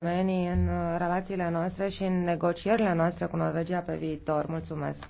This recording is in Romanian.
domenii în uh, relațiile noastre și în negocierile noastre cu Norvegia pe viitor. Mulțumesc!